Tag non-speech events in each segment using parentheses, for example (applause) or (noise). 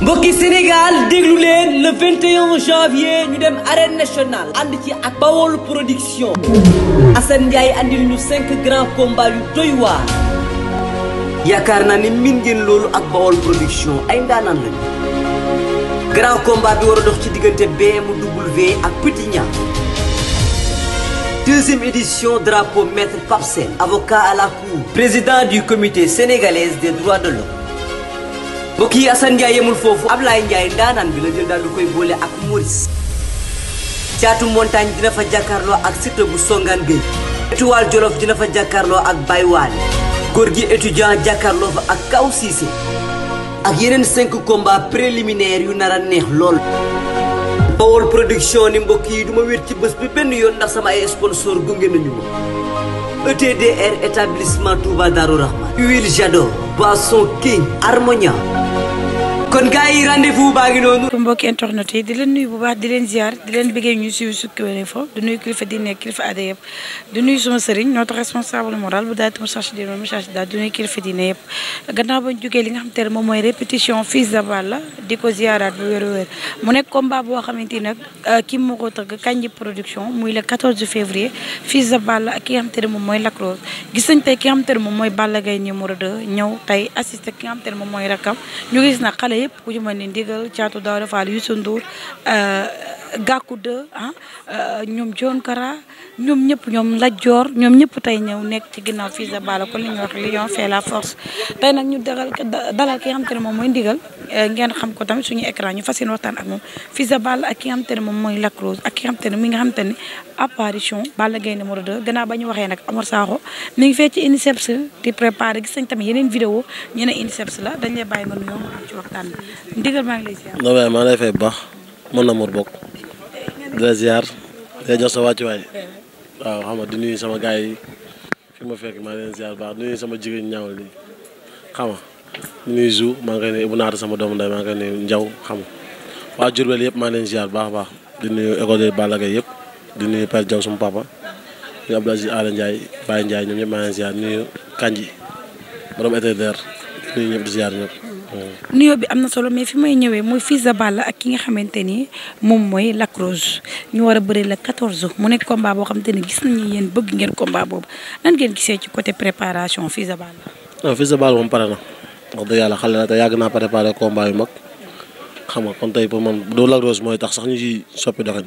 mbokki Sénégal déglu leen le 21 janvier ñu dem arène nationale ànd ci ak Bawol production Assane Ndiaye andil ñu cinq grands combats yu doy yaakaar naa ne min ngeen loolu ak Bawol production ay ndaanaan lañu grand combat bi war a dox ci diggante BMW ak Petit Niang deuxième édition drapeau maître Pape avocat à la cour président du comité sénégalais des droits de l'homme mbokk yi Assane Ndiaye yemul foofu Ablaye Ndiaye ndaanaan bi la jël daal du koy boole ak Maurice caatu montagne dina fa jàkkaarloo ak Siteu bu songaan géej étoile Jolof dina fa jàkkaarloo ak baywaal góor gi étudiant jàkkaarloo fa ak Kaw Cissé ak yeneen cinq combats préliminaires yu nar a neex lool Bawol production ni mbokk du ma wér ci bës bi benn yoon ndax sama ay sponsor gunge nañu ma ETDR établissement Touba Darou Rahman huile Boisson King Harmonia kon gars yi rendez-vous baa ngi noonu. kon mbokki internet yi di baax di leen ziar di leen bëggee ñu suivi sur Kewel Info di nuyu kilifa di nekk yëpp di nuyu suma sëriñ notre responsable moral bu daal di di ne yëpp. gannaaw ba ñu jógee li xam te ne moom mooy répétition Fils de Balla di ko ziaraat bu wér-wér mu nekk combat boo xamante ne euh, kii moo ko tëgg Kandji production muy le 14 février Fils de Balla ak ki xam te moom mooy Lac Rose gis nañ tey ki xam te mooy Balla Gaye numéro 2 ñëw tey assister yëpp ku ñu mën ni ndigal Thiatou Daouda Fall Youssou euh, Gakou 2 ah euh, ñoom John Kara ñoom ñëpp ñoom la joor ñoom ñëpp tey ñëw nekk ci ginnaaw Fils de Balla kon li ñuy wax l'union fait la force tey nag ñu dalal dalal ki xam te ne moom mooy ndigal euh, ngeen xam ko tamit suñu écran ñu fas yéene waxtaan ak moom Fils de Balla ki xam te ne moom mooy Lac ak ki nga xam te ne mi nga xam te ne apparition Balla Gaye numéro 2 gannaaw ba ñu waxee nag Amar Sakho mu ngi fee ci INSEPS di préparé gis nañ tamit yeneen vidéo ñu ne INSEPS la dañ lay bàyyi nga nuyoo ci waxtaan bi ndigal maa ngi lay ziar. non mais maa baax mën na mor bokk. di ziar di jox sa wàccuwaay waaw xam nga di nuyu sama gars yi fi ma fekk maa ngi leen ziar baax di nuyu sama jigéen ñaawal nii xam nga di nuyu maa ngi koy nuyu Ibou Naata sama doom ndey maa ngi koy nuyu Ndiaw xam nga waa Diourbel maa ngi leen ziar baax baax di nuyu école de Balla Gaye yëpp di nuy Père Diaw sama papa di nuyu Abdou Aziz Ala Ndiaye Baye Ndiaye ñoom ñëpp maa ngi ziar di nuyu Kanji borom état d'air di ñëpp di ziar ñëpp. nuyoo bi am na solo mais fi may ñëwee mooy Fils de ball ak ki nga xamante ni moom mooy Lac Rose ñu war a bëri la 14 mu nekk combat boo xamante ni gis nañu yéen bëgg ngeen combat boobu nan ngeen gisee ci côté préparation Fils de Balla. waaw Fils de Balla moom pare na wax dëgg yàlla xale la te yàgg naa préparé combat yu mag xam nga kon tey pour man doo Lac Rose mooy tax sax ñu ci soppi doxin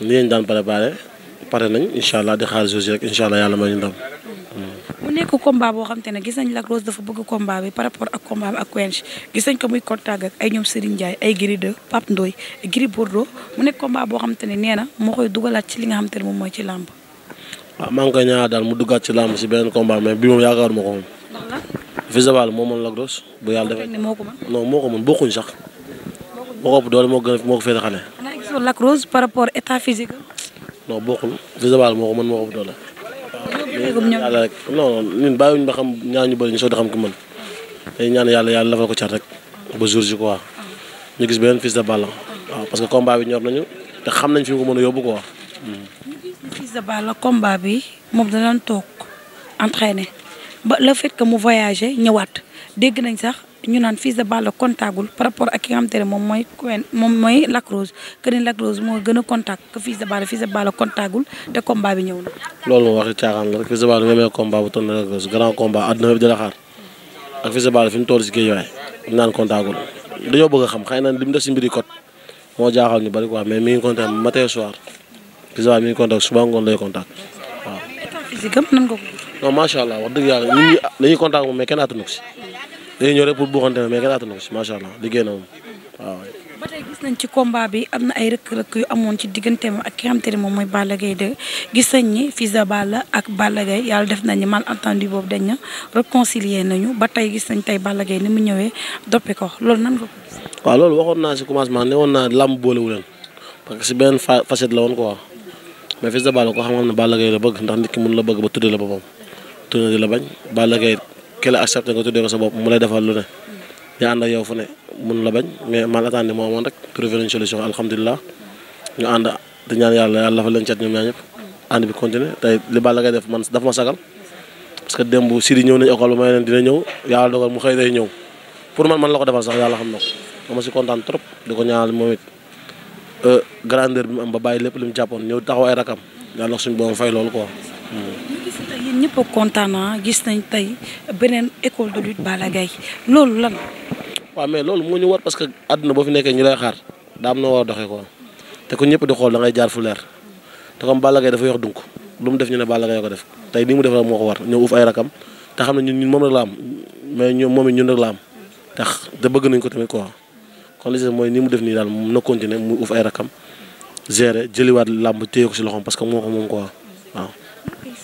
ni ngeen daan préparé pare nañ incha allah di xaar josi rek incha allah yàlla may ñu mu nekk combat boo xam te ne gis nañ Lac Rose dafa bëgg combat bi par rapport ak combat bi ak Quench gis nañ ko muy contact ak ay ñoom Serigne Ndiaye ay Gris 2 Pape Ndoye Gris Bordeaux mu nekk combat boo xam te ne nee na moo koy dugalaat ci li nga xam te ne moom mooy ci làmb. waaw ah, maa koy ñaanal daal mu duggaat ci lamb si beneen combat mais bi moom yaakaaruma ko moom. ndax moo mën Lac Rose bu yàlla defee moo ko mën non moo ko mën bokkuñ sax. moo ko ëpp doole moo gën a moo ko féete xale. xanaa gisul Rose par rapport état physique. non bokkul Fils de moo ko mën moo ko ñoom yàlla rek non ñun bàyyiwuñ ba xam ñaan ñu bëri ñu soog di xam ki mën tey ñaan yàlla yàlla dafa ko cat rek ba jour ji quoi ñu gis beneen fils de Balla waaw parce que combat bi ñor nañu te xam nañ fi ko mën a yóbbu quoi. ñu gis de Balla combat bi moom danañ toog entraîné ba le fait mu voyagé ñëwaat dégg nañ sax. ñu naan Fils de Balla kontaagul par rapport ak ki nga xamante ne moom mooy moom mooy Lac Rose que ni Rose moo gën a contact dañoo bëgg a xam xëy na li mu def si mbiri kot moo jaaxal ñu bari quoi mais soir Fils de Balla mi ngi contact suba ngoon lay contact waaw. état physique am nan nga ko. non macha allah wax dëgg yàlla ñun ñii dañuy contact moom mais kenn ko si. dañuy ñëw rek pour buuxante mais kenn àttanu ko si macha liggéey na moom waaw. ba tey gis nañ ci combat bi am na ay rëkk-rëkk yu amoon ci digganteem ak ki nga ne moom mooy Balla Gaye 2 gis nañ ni Fils de Balla ak Balla Gaye yàlla def nañ ni malentendu boobu dañ na réconcilier nañu ba tey gis nañ tey Balla Gaye ni mu ñëwee doppi ko loolu nan nga ko waxoon naa si commencement ne woon naa làmb boolewu parce que si benn facette la woon quoi mais Fils de Balla ko xam-xam ne ball Gaye la bëgg ndax nit ki mun la bëgg ba tuddee la boppam tuddee la bañ Balla Gaye ki la accepté nga tuddee ko sa bopp mu lay defal lu ne ñu ànd ak yow fu ne mun la bañ mais mal attendre moo amoon rek trouvé nañ solution alhamdulilah ñu ànd di ñaan yàlla yàlla dafa leen cet ñoom ñaar ñëpp ànd bi continuer tey li Balla Gaye def man dafa ma sagal parce que démb si di ñëw nañu école ba may leen dina ñëw yàlla dogal mu xëy day ñëw pour man a la ko defal sax yàlla xam na ko dama si kontaan trop di ko ñaanal moom it euh, grandeur bi mu am ba bàyyi lépp li mu jàppoon ñëw taxaw ay rakam yàlla suñu boobu fay loolu quoi hmm. yéen ñëpp kontaan ah, gis nañ tey beneen école de lutte Balla Gaye loolu lan. waaw mais loolu moo ñu war parce que àdduna boo fi nekkee ñu lay xaar daa am na war a doxee ko te ku ñëpp di xool da jaar fu leer te comme Balla Gaye dafa yox dunk lu mu def ñu ne Balla Gaye ko def tey nii mu def rek moo ko war ñëw uuf ay rakam te xam ne ñun moom rek la am mais ñoom moom it ñun rek la am tax te bëgg nañ ko tamit quoi kon mooy ni mu def nii daal na continuer mu uuf ay rakam gérer jëliwaat làmb téye ko si loxoom parce que moo ko moom quoi.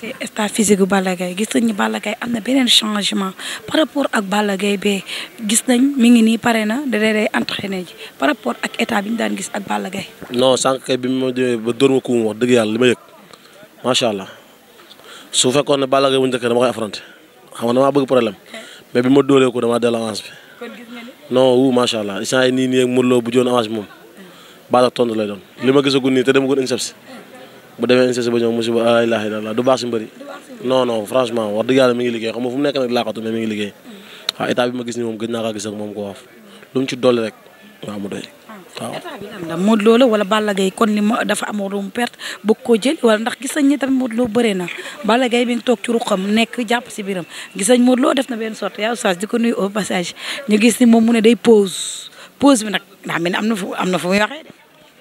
si état physique bu gis nañ ni Balla Gaye am na beneen changement par rapport ak Balla Gaye bee gis nañ mi ngi nii pare na da day entraîné ji par rapport ak état bi ñu daan gis ak Balla Gaye. non sànq kay bi ma demee ba dóor ko kuum wax yàlla li ma yëg macha allah su fekkoon ne Balla Gaye bu njëkk dama koy affronté xam nga damaa bëgg problème mais bi ma dóoree ko damaa dellu avance bi. kon gis nga ni. allah instant nii nii ak Modou Lo bu joon avance moom. bala tontu lay doon li ma gisagul nii te demaguñ INSEPS. bu demee inceste ba ñëw musiba laa ah, ilaaha illallaah du baax si non non franchement wax dëgg yàlla mi ngi liggéey xam nga fu mu nekk nag laaxatu mais mi ngi liggéey waaw état moom gëj naa kaa gis ak moom ko waaf lu mu na Modou Lo wala Balla Gaye kon li ma dafa amoon lu mu koo jël wala ndax gis nañ ne tamit Modou Lo bëree na Balla Gaye bi nga toog ci ruqam nekk jàpp si biram gis nañ Modou Lo def na benn sorte yaa oustaz di ko nuyu au passage ñu gis ni moom mu ne day pause pause bi nag ndax mel ni am na fu am na fu muy waxee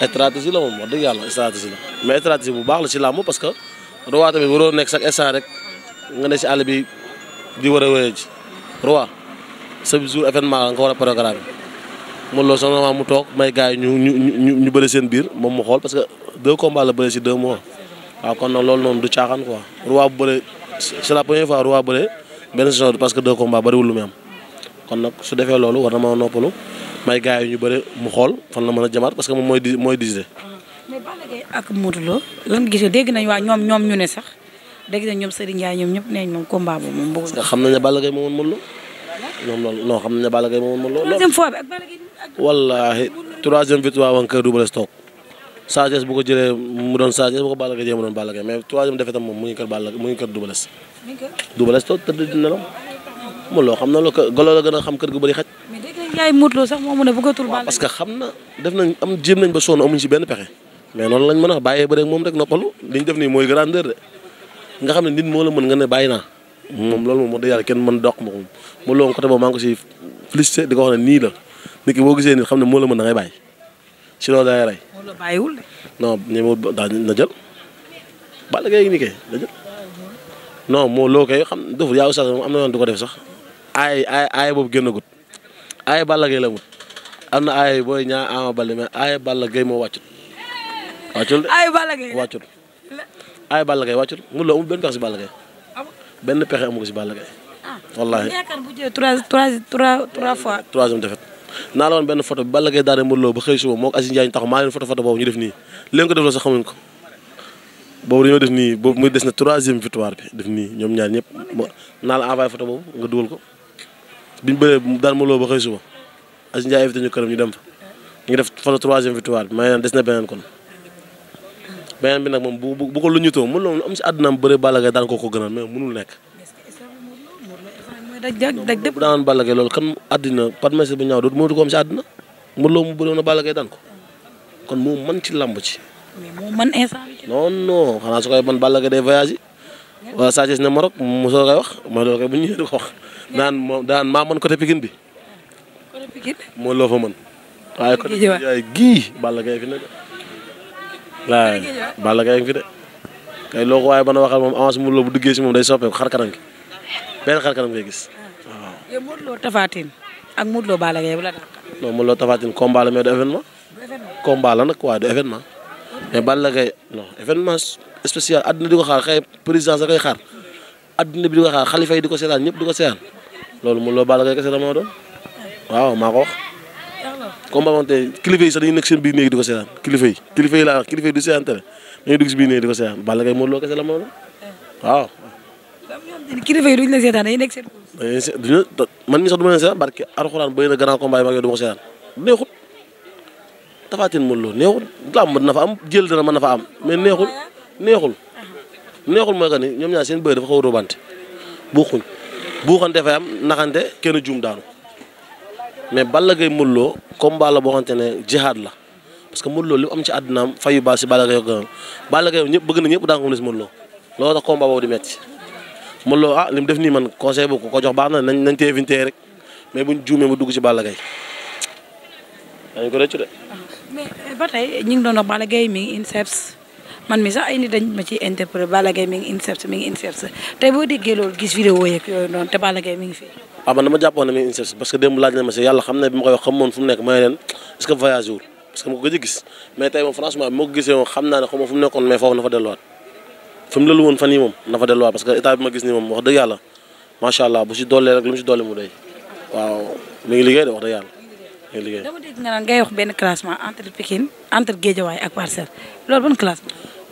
stratégie la moom wax dëgg yàlla stratégie la mais stratégie bu baax la ci làmb parce que roi tamit waroo nekk sax instant rek nga ne ci àll bi di war a wéyal ji roi chaque jour événement la nga ko war a programme moom loolu sax normalement mu toog may gars yi ñu ñu ñu ñu bëri seen biir moom mu xool parce que deux combats la bëri ci deux mois waaw kon nag loolu noonu du caaxaan quoi roi bu bëri c'est la première fois roi bëri benn saison parce que deux combats bëriwul lu muy am kon nag su defee loolu war na mën may gars yi ñu bëre mu xool fan la mën a jamaat parce que moom mooy di mooy décider. Ah, mais Balla Gaye ak Modou Lo lan gisee dégg nañ waa ñoom ñu ne sax dégg nañ ñoom Serigne Ndiaye ñoom ñëpp nee nañ moom na. ne Balla Gaye moo woon Lo ñoom loolu ne Balla Gaye moo woon Modou Lo. troisième fois bi ak Balla Gaye wallaahi troisième ko jëlee doon Sa Thiès bu ko Balla Gaye jëlee mu doon Balla Gaye mais troisième moom mu ngi Lo xam na la golo gën a xam kër gu bëri xaj yaay Modou Lo sax moo mu parce que xam na def nañ am jéem nañ ba sonn amuñ si benn pexe mais noonu lañ mën a wax bàyyee ba rek moom rek noppalu li ñu moo la mën nga ne bàyyi naa moom loolu moom wax dëgg yàlla kenn mën doq ma ko moom loolu côté boobu maa ngi ko si ne nii la nit ki boo gisee nit xam ne moo la mën da ngay bàyyi si loolu la bàyyiwul de. non ñoom daa na jël Balla Gaye ni kay na jël non moo loo koy xam deful yaa oustaz moom am na yoon du ko def sax aay aay aay boobu génnagut aaye Balla Gaye la mut am na aaye booy ñaa Ama Baldé mais aaye Balla Gaye moo wàccut wàccul de aaye Balla Gaye wàccul aaye Balla mu loo benn pexe si Balla Gaye benn pexe amu si Balla Gaye ah. wallaahi yaakaar bu jëlee trois trois trois trois fois naa la woon benn photo bi Balla Gaye daane Modou Lo ba xëy suba moo ko Aziz Ndiaye ñu maa leen photo photo boobu ñu def nii leen ko def la sax xamuñ ko boobu dañoo def nii boobu muy des na troisième victoire bi def nii ñoom ñaan ñëpp naa la envoyé photo boobu nga dugal ko biñ bëree daan ma loo ba xëy suba Aziz Ndiaye invité ñu këram ñu dem fa ñu def fa la troisième victoire bi may naan des na beneen kon beneen bi nag moom bu ko lu ñu too mën loolu am si àddunaam bëre Balla Gaye ko ko gënal mais mënul nekk bu daan Balla Gaye loolu kan àddina parmese bu ñaaw dootu mënatu ko mu bëre woon na ko kon moo mën ci làmb ci non non xanaa su koy man Balla Gaye day voyage yi wala Sa na ne Maroc mu soo koy wax mooy loolu koy bu ñëwee di ko wax daan moom daan maa mën côté Pikine bi. côté Pikine. moo loo fa mën. waaye côté Guédiawaye gii Balla Gaye fi ne de. waaw Balla fi de. kay loo waaye bana waxal moom avance mu bu duggee si moom day soppeeku xar kanam gi benn xar kanam ngay gis. waaw ah. yow Modou Lo Tapha Tine ak Modou Lo Balla Gaye bu la dàq. non Modou Lo Tapha Tine combat la mais du événement. combat nag waaye du événement. mais Balla Gaye non événement spécial àdduna di ko xaar xëy président sa koy xaar àdduna bi di ko xaar xalifa yi di ko seetaan ñëpp di ko seetaan. loolu Modou Lo Balla Gaye kese la moo doon waaw maa ko wax. comme bamante kilifa yi sax dañuy nekk seen biir néeg di ko seetaan kilifa yi kilifa yi laa wax kilifa yi du seetaan télé dañuy dugg si biir néeg di ko seetaan Balla Gaye Modou Lo kese la moo doon waaw. kilifa yi duñ la seetaan dañuy nekk seen. dañuy se duñu man mii sax du ma leen seetaan barke Alxuraan bëri na grand combat yi mag yow du ma ko seetaan neexut tafaatin Modou Lo neexut làmb dina fa am jël dana mën na fa am mais neexul neexul neexul mooy que ni ñoom ñaar seen bëri dafa xaw a robante bokkuñ buuxante dafay am naxante kenn juum daanu mais Balla Gaye Modou Lô balla la boo xamante ne jihaad la parce que Modou Lô li am ci àddunaam fayu baa si Balla Gaye ak Balla Gaye bëgg na ñëpp daan ko mu des Modou Lô loolu tax combat boobu di metti Modou ah li mu def nii man conseil bu ko ko jox baa baax na nañ nañ tee fintee rek mais buñ juumee mu dugg ci Balla Gaye ah, mais eh, ba tey ñu ngi doon wax Balla Gaye mi ngi INSEPS man mi sax ay nit dañ ma ciy interpellé Balla Gaye mi ngi INSEPS mi ngi INSEPS loolu gis vidéo yeeg yooyu noonu te Balla Gaye mi ngi fi. waaw ah, jàppoon ne mi parce que démb laaj na ma si yàlla xam ne bi ma koy wax xamoon fu nekk may leen est que voyage wul parce que ma gëj gis mais tey moom franchement moom mu nekkoon mais foofu na delluwaat fi lalu woon fan yi moom na delluwaat parce que état bi ma gis nii moom wax dëgg yàlla macha allah bu si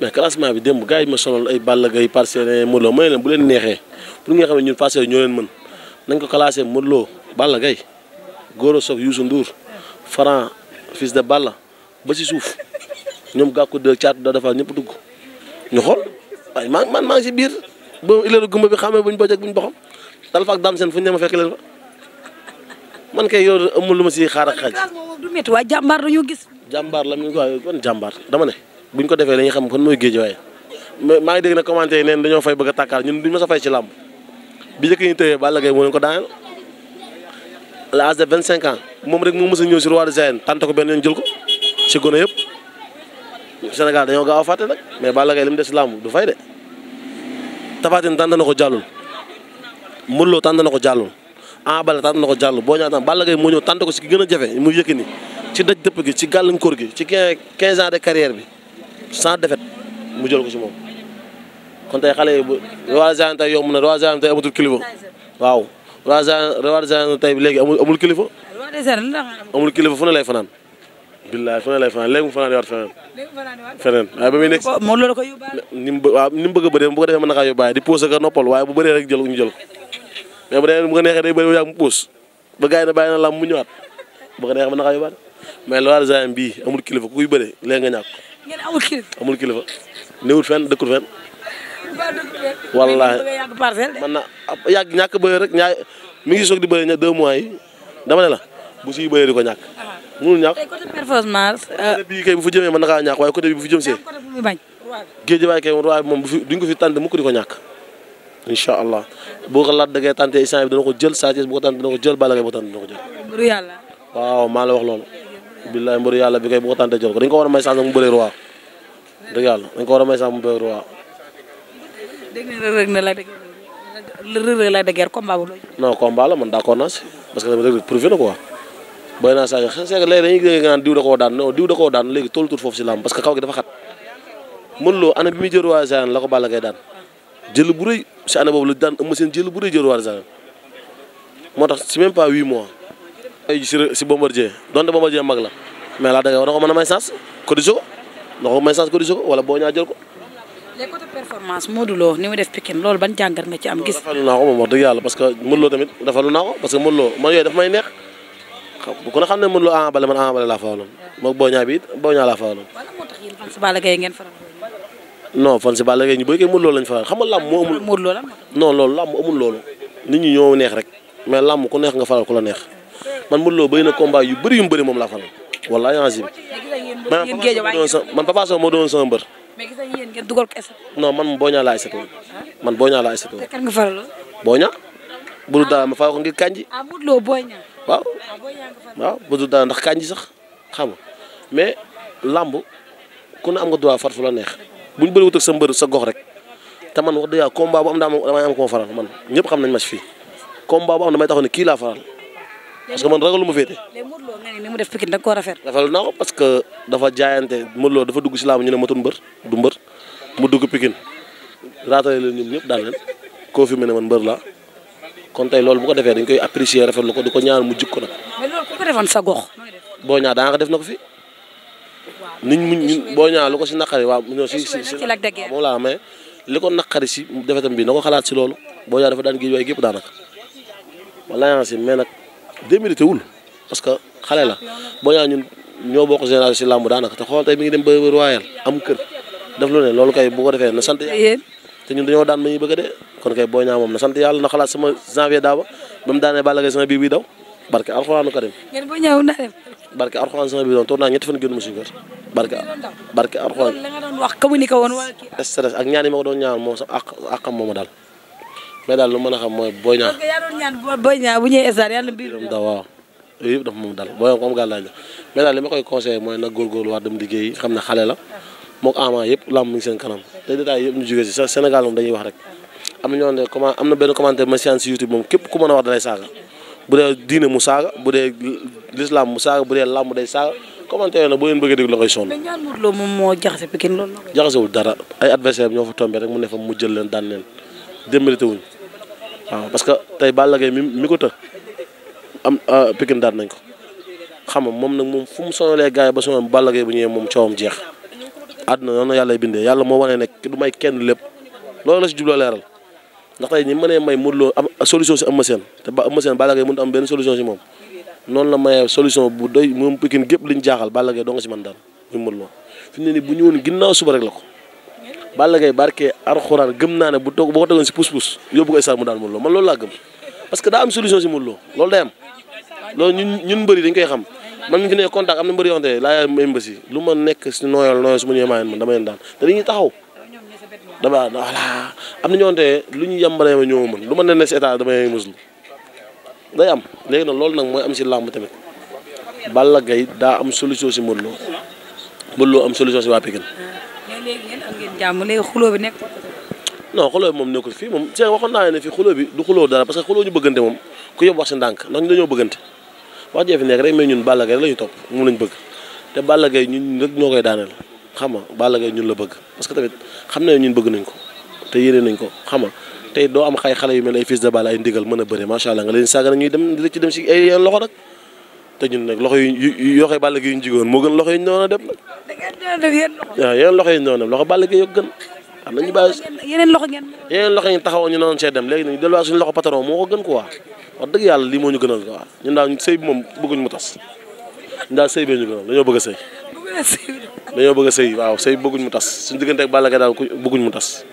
mais classement bi démb gars yi ma sonal ay Balla Gaye Parcelles et Modou Lo ma leen bu leen neexee pour nga xam ne ñun Parcelles ñoo leen mën nañ ko classé Modou Lo Balla Gaye Goro Sock Youssou Ndour Franc fils de Balla ba si suuf ñoom gàkku de caatu da defar ñëpp dugg ñu xool waaye man man si biir ba ileeru gumba bi xamee buñ bojj ak buñ boxam dal fa ak daam seen fu ne ma fekk leen fa man kay yow amul lu ma si xaar ak xaj. du métti waaye jàmbaar la gis. buñ ko defee dañuy xam kon mooy géejawaay maa ngi dégg na commentaire yi neen dañoo fay bëgg a tàkkaar ñun duñ ma sa fay ci làmb bi njëkk ñu tëyee Balla Gaye moo ko daaneel à l'âge moom rek moo mës ñëw si roi des arènes tànte ko benn yoon ko si gone yëpp Sénégal dañoo gaaw a mais Balla Gaye li si làmb du fay de Tapha Tine na ko jàllul Modou Lo tànte na ko jàllul Ama Baldé tànte na ko jàllul boo ñaataam Balla Gaye moo ñëw tànte ko si gën a jafe mu yëkk ni ci daj dëpp gi ci gàllankoor gi ci quinze ans de carrière bi cent défaite mu jël ko ci moom kon tey xale yi bu Rewa Zane tey yomb na Rewa Zane tey amatul kilifa waaw Rewa Zane Rewa Zane tey léegi amul amul kilifa. amul kilifa fu ne lay fanaan. billaay fu ne lay fanaan léegi mu fanaan waat feneen. feneen waaye ba muy nekk. moom loolu ko yóbbaale. ni mu waaw ni bëgg a bëree bu ko defee mën na kaa yóbbaale di posé ko noppal waaye bu bëree rek jël ñu jël ko mais bu demee bu ko neexee day bëri yaa mu pos ba gars yi ne bàyyi na lam mu ñëwaat bu ko na kaa yóbbaale mais Rewa Zane bii amul kilifa ku koy bëree léegi nga ñàkk ngeen amul kilifa amul kilifa néewul fenn dëkkul fenn. wallaahi man na yàgg ñàkk bëre rek ñaay mi ngi soog di bëre ña deux mois dama ne la bu siy bëree di ko ñàkk. Uh-huh. mënul ñàkk tey côté performance. Uh, bii kay bu fa jëmee mën na kaa ñàkk waaye côté bi bu fi jëm see. géej waay kay roi bi moom bu fi duñ ko fi tànn mukk di ko ñàkk. incha allah boo ko laat da tant tànnee instant bi dana ko jël saa bu ko tànn dana ko jël bala ngay ko tànn dana ko jël. waaw maa la wax loolu. billaay mbëru yàlla bi kay bu ko tànnee jël ko dañ ko war a may chance mu bëree roi dëgg yàlla dañ ko war a parce que tamit rëg prouvé na quoi béy naa saa yoo xam ne léegi dañuy dégg diw da koo daan non diw da koo daan léegi tollatul foofu si làmb parce que kaw gi dafa xat mën loo ana bi muy jël roi Zane la ko Balla Gaye daan jël bu si année boobu la daan si même pas huit mois ay si si Bombardier donte Bombardier mag la mais laa ko mën a may sens ko na ko ko wala boo ñaa jël ko. les côté performance ni mu def Pikine loolu ba jàngat nga ci am. gis defalu naa ko moom parce que Modou Lo tamit defalu naa ko parce que Modou Lo man xam ne Modou Lo Ama ah, Baldé man Ama ah, Baldé laa faaloon moom boo ñaa bi it boo ñaa laa faaloon. wala moo tax yéen fan si Balla Gaye moo amul. la non loolu làmb amul loolu nit ñi ñoo neex rek mais làmb ku neex nga faral ku la neex man Modou Lo bëri na combat yu bëri yu mu bëri moom laa faral wallaahi azim. man Papa Sow moo doon sama mbër. mais gis nañu yéen ngeen dugal ko esat. non man Boña laa esatoo man Boña laa esatoo. te kan nga faraloon. Boña. budul daal ma faa ko ngir kanji. ah Modou Lo Boña. waaw ah, waaw budul daal ndax kanji sax xam nga mais lamb ku ne am nga droit far fu la neex bu ñu bëri wut ak sa mbër sa gox rek te man wax dëgg yàlla combat bu am daa damay am koo faral man ñëpp xam nañ ma si fii combat bu am damay taxaw ne kii laa faral. parce que man ragalu ma ni mu def Pikine da koo rafet. rafetlu naa ko parce que dafa jaayante Modou Lo dafa dugg si laamu ñu ne matul du mbër mu dugg Pikine raatale leen ñoom ñëpp daal leen koo fi mu ne man mbër la kon tey loolu bu ko defee dañ koy apprécier rafetlu ko di ko ñaan mu jik ko nag. mais ko sa gox. boo ñaa daa def na ko fi. niñ mu ñun boo ñaa lu ko si naqari waaw ñoo si si si moom laa mais li ko naqari si defetam bi na ko xalaat si loolu boo ñaa dafa daan géej waaye gépp daanaka wala yaa si mais démérité wul parce que xale la boo ñaa ñun ñoo bokk général si làmb daanaka te xool tey mi ngi dem ba royal am kër def lu ne loolu kay bu ko defee na sant yéen te ñun dañoo daan ma ñuy bëgg de kon boo ñaa moom na sant yàlla na xalaat sama janvier daaba ba mu daanee bàllagay sama bii bi daw barke alxuraanu karim ngeen dem barke alxuraan sama bii doon toog naa ñetti fan génn ma suñu barke barke alxuraan la ak ñaan yi ma ko doon ñaan moom ak akam mooma daal mais daal lu mën a xam mooy Boy Niang. parce que yaa doon ñaan Boy Niang bu ñëwee stade yàlla biir. da waaw yooyu yëpp dafa moom dal booy ko am gàllaaj la mais daal li ma koy conseillé mooy nag góorgóorlu war dem liggéey xam ne xale la moo ko ama yëpp lamb mi ngi seen kanam dañuy wax rek am na ñoo ne comment am na benn commentaire ma séance si YouTube moom képp ku mën a wax dalay saaga bu dee diine mu saaga bu dee l'islam mu saaga bu dee làmb day saaga commentaire na boo leen bëggee dégg la koy sonn. mais ñaan Modou Lo moom moo jaxase Pikine loolu. jaxasewul dara ay adversaire ñoo fa tombé rek mu ne fa mu jël leen daan leen démérité wuñ waaw parce que tey Balla Gaye mi mi ko të am ah, Pikine daat nañ ko xam nga moom nag moom fu mu sonalee gars yi ba sonal Balla Gaye bu ñëwee moom coowam jeex àdduna noonu yàlla bindee yàlla moo wane ne du may kenn lépp loolu la si jubloo leeral ndax tey ñi mënee may Modou am ah, solution si Eumeu Sène te ba Eumeu Sène Balla Gaye mënut am benn solution si moom noonu la mayee solution bu doy moom Pikine gépp liñ jaaxal Balla Gaye doo nga si mën daal muy Modou Lo fi mu ne nii bu rek la Balla Gaye barke arxuraan gëm naa ne bu toog boo ko tegoon si pousse-pousse yóbbu ko stade daan Modou Lo man loolu laa gëm parce que daa am solution si Modou Lo loolu day am ñun ñun mbëri dañ koy xam man mi fi ne contact na mbëri yoo xam ne ma nekk si nooyal nooyal su ma ñëwee maa man dama leen daan am na ñoo xam lu ñu yàmbalee ma ñoo mën lu ma ne si état damay day am léegi nag loolu nag mooy am si làmb tamit Balla Gaye daa am solution si Modou Lo Modou Lo am solution jàmm léegi xuloo bi nekk. non xuloo bi moom nekkul fii moom Cheikh waxoon naa ne fii xuloo bi du xuloo dara parce que xuloo ñu bëggante moom ku yóbbu wax si ndànk ndax ñu dañoo bëggante wax jee fi nekk rek mais ñun Balla Gaye la ñu topp moom lañ bëgg te Balla Gaye ñun ñoo koy daaneel xam nga Balla Gaye ñun la bëgg parce que tamit xam nañ ñu bëgg nañ ko te yéene nañ ko xam nga tey doo am xay xale yu mel ay fils de Balla ay ndigal mën a bëre macha allah nga leen saaga ñuy dem di ci dem si ay loxo rek te ñun nag loxo yu yoxee Balla Gaye yu ñu jigoon moo gën loxo yi ñu dem yeneen loxo yi ñu dem loxo bala Gaye yoo gën. am nañu bàyyi yeneen loxo ngeen yeneen loxo ñu noonu see dem léegi nag delluwaat suñu loxo patron moo ko gën quoi wax dëgg yàlla lii moo ñu gënal quoi ñun daal sëy bi moom bëgguñ mu tas ñun daal sëy bee bëgg a bëgg a sëy sëy bëgguñ mu tas suñu diggante ak Balla Gaye daal bëgguñ mu tas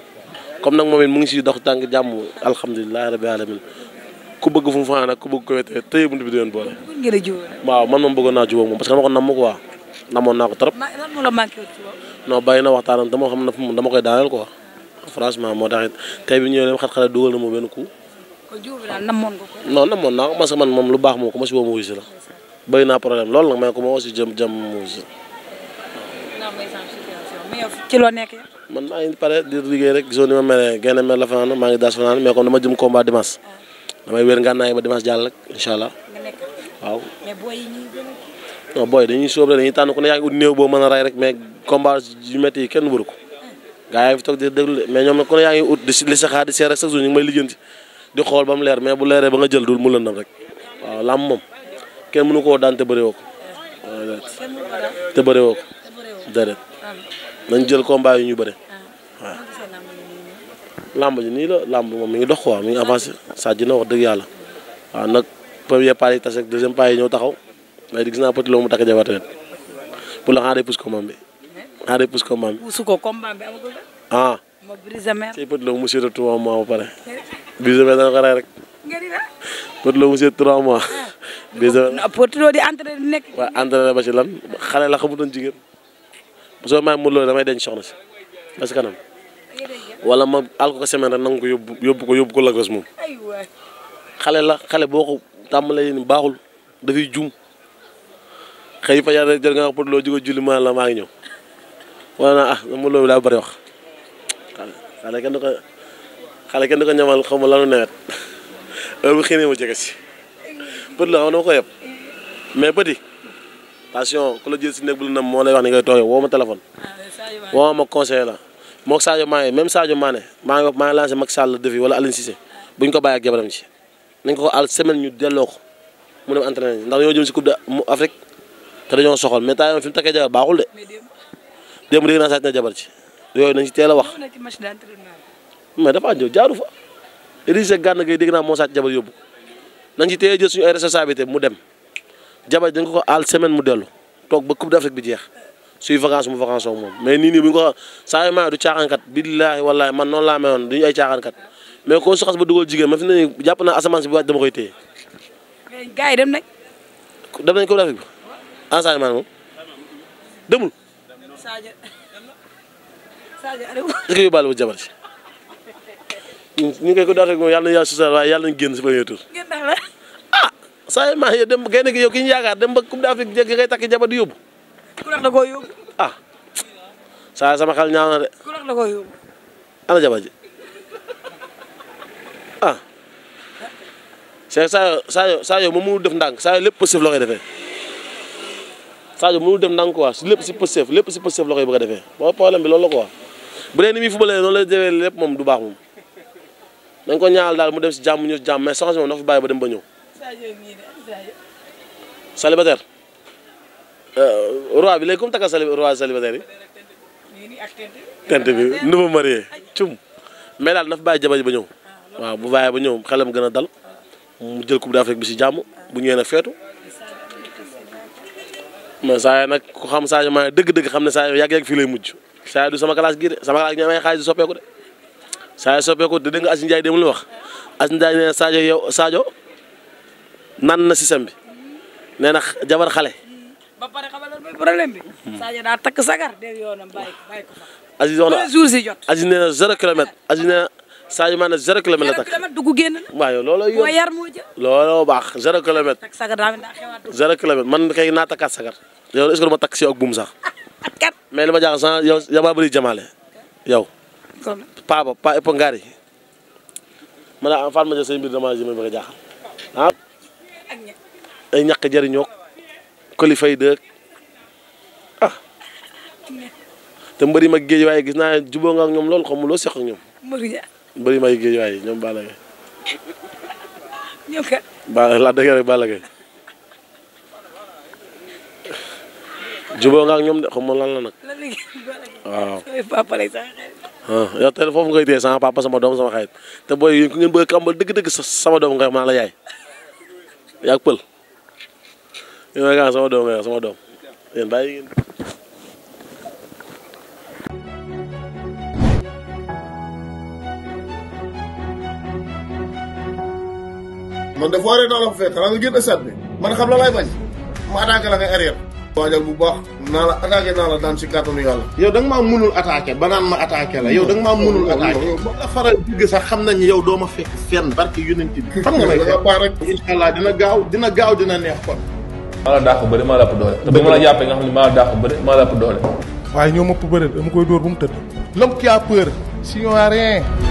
comme nag moom it mu ngi si dox tànk jàmm alhamdulilah rabbi alamin ku bëgg fu mu fanaan ak ku bëgg ko wete tey bunt bi di leen boole. waaw man moom bëggoon naa jubóo moom parce que dama ko namm quoi namoon naa ko trop. ma lan moo la manqué non bàyyi na waxtaanam dama xam ne fu mu dama koy daaneel quoi franchement moo taxit tey bi ñëwee dem xat-xale dugal na ma benn coup. ko jubóo bi daal namoon nga ko. non namoon naa ko parce que man moom lu baax moo ko ma si woo ma wuyu si la. bëri naa problème loolu nag may ko ma aussi jëm jëm ma wuyu si. ci loo nekk man maa ngi pare di liggéey rek gisoo ni ma mel ne génn mel la fanaan maa ngi daas fanaan mais comme dama jëm combat dimanche ah. damay wér ngànnaay ba dimanche jàll rek incha allah waaw. mais booy dañuy sóob rek dañuy tànn ku ne yaa ngi ut néew boo mën a rey rek mais combat yu métti kenn wëru ko hmm. gaa yaa ngi fi toog di déglu sa ñoom nag ku ne ngi di si may lijjanti di xool ba mu leer mais bu leeree ba nga jël dul mu lëndam rek waaw làmb moom kenn mënu koo daan te bëriwoo te bëriwoo ko déedéet ah. nañ jël combat yu ñu bëre ah. làmb ji nii la làmb moom mi ngi dox quoi mi ngi avancé Sadji na wax dëgg yàlla waaw nag premier pas yi tase ak ñëw taxaw mais gis naa Petit Lo mu takk jabar tamit pour la bi xanaa day pousse combat bi. ko combat bi amagul ah ma brise mer ci Petit Lo mu seetu trois mois ba pare. brise mer dana ko rey rek. Petit Lo mu seetu mois. Ah. brise mer ah, Petit Lo di entraîné nekk. ba ci lan xale la xamutoon jigéen bu soo may mënuloo damay denc soxna si parce que kanam. wala ma àll ko semaine rek nangu ko yóbbu yóbbu ko la ko Lagos moom xale la xale boo ko tàmbalee ni baaxul dafay jum xëy fa yàlla jël nga julli ma la maa ngi ñëw wala naa ah ma loolu daa bëri wax xale kenn du ko xale kenn du ko ñamal xaw ma lanu nawet heure bu xëy mu ko yeb mais pëti attention ku la jël si nekk bu la nam moo lay wax ni ngay toogee woo ma téléphone ah, woo ma conseil la moo Sadio Mané même Sadio Mané maa ngi maa ngi lancé Macky Sall defi wala Aliou Cissé bu ñu ko bàyyi ak jabaram ci nañ ko ko àll semaine ñu delloo ko mu dem entraîné ndax dañoo jëm si coupe d'Afrique te dañoo soxal mais fi mu takkee jabar baaxul de démb dégg naa sax na jabar ci yooyu nañ ci teel a wax mais dafa ñëw jaaru fa Idrissa Gana Gueye dégg moo sax jabar yóbbu nañ ci teel a suñu ay responsabilité mu dem jabar dañ ko ko semaine mu dellu toog ba coupe d'Afrique bi jeex suy vacance mu vacance ak moom mais nii nii bu ñu du caaxaankat billaahi wallaahi man noonu laa mayoon duñu ay caaxaankat mais koo su xas ba dugal jigéen ma fi nii jàpp naa asamaan si bu wàcc dama koy téye. mais gars yi dem nañ. dem nañ ko dafik bi en ah, Sadio Mané moom demul. Sadio Sadio Adama. est-ce que yóbbaale wu jabar si ñu ngi koy ko daal moom yàlla na ah, ki ñu yaakaar dem ba Coupe d'Afrique jéggi ngay takk jabar di ku rax da koo yóbbu. ah saa sama xel ñaaw na de. ku rax da ah. def ndànk Sadio lépp positif la koy defee Sadio mënul si lépp si positif lépp si positif la koy bëgg a defee mooy problème bi loolu la quoi bu noonu la defee lépp moom du baax moom dañ ko ñaal daal mu def si jàmm ñëw si jàmm mais changement na fi bàyyi ba dem ba ñëw. Sadio Euh, roi bi léegi comme takka sali tent bi nouveau marié cum mais daal daf baa jabar ji ba ñëw waaw bu bàyyee ba ñëw xelam gën a dal mu jël coupe d'Afrique bi si jàmm bu ñëwee na feetu ma saa nag ku xam Sadio Mané dëgg-dëgg xam ne Sadio yàgg-yàgg fii lay mujj Sadio du sama classe gii de sama classe ñu amee xaalis du soppeeku de saajo soppeeku de dégg nga Aziz Ndiaye dem lu wax Aziz Ndiaye nee na Sadio yow Sadio nan na système bi nee na jabar xale a pare xamal lan mooy problème bi. Hmm. Sadio daa takk sagar dégg yoonam bàyyi ko bàyyi ko fa. Aziz wax na jour la takk. zéro kilomètre looloo yow baax zéro kilomètre. takk sagar daa man kay naa takkaat sagar. yow est ce que du ma takk si ak buum sax. ak (laughs) kat ma jaaxal sax yow yaa jamaale yow. kon paa ba paa ëpp ma ne ah Fatma damaa ji ma bëgg jaaxal ah. ay ñàkk jëriñoo kolifay dëkk ah te mbëri mag géej waaye gis naa jubóo nga ak ñoom lool xamuloo seq ak ñoom. mbëri mag géej waaye ñoom Balla Gaye. ñoom kat. Balla laa dëgg nga ak ñoom de xamul lan la nag. waaw. ah yow tey foofu ngay papa sama doom sama xarit te booy yi ku ngeen bëgg a dëgg-dëgg sama doom nga ma la yaay yaa pël. yéen nga sama doom nga sama doom yéen bàyyi man dafa waree naa la ko fekk xanaa nga génn stade bi man xam la lay bañ ma attaqué la nga arrière. waajal bu baax naa la attaqué naa la daan si kàttanu yàlla. yow da nga maa mënul attaqué ba naan ma attaqué la yow da nga maa mënul attaqué. ba la faral digg sax xam nañ yow doo ma fekk fenn barke yonent bi. (laughs) xam nga may fekk rek. incha allah dina gaaw dina gaaw dina neex kon. maa la dàq bëri maa la ëpp doole te bu ma a jàppee nga xam ne maa la dàq bëri maa la ëpp doole waaye ñoo mëpp bëri dama koy dóor bu mu tëdd l'homme qui a peur sinon rien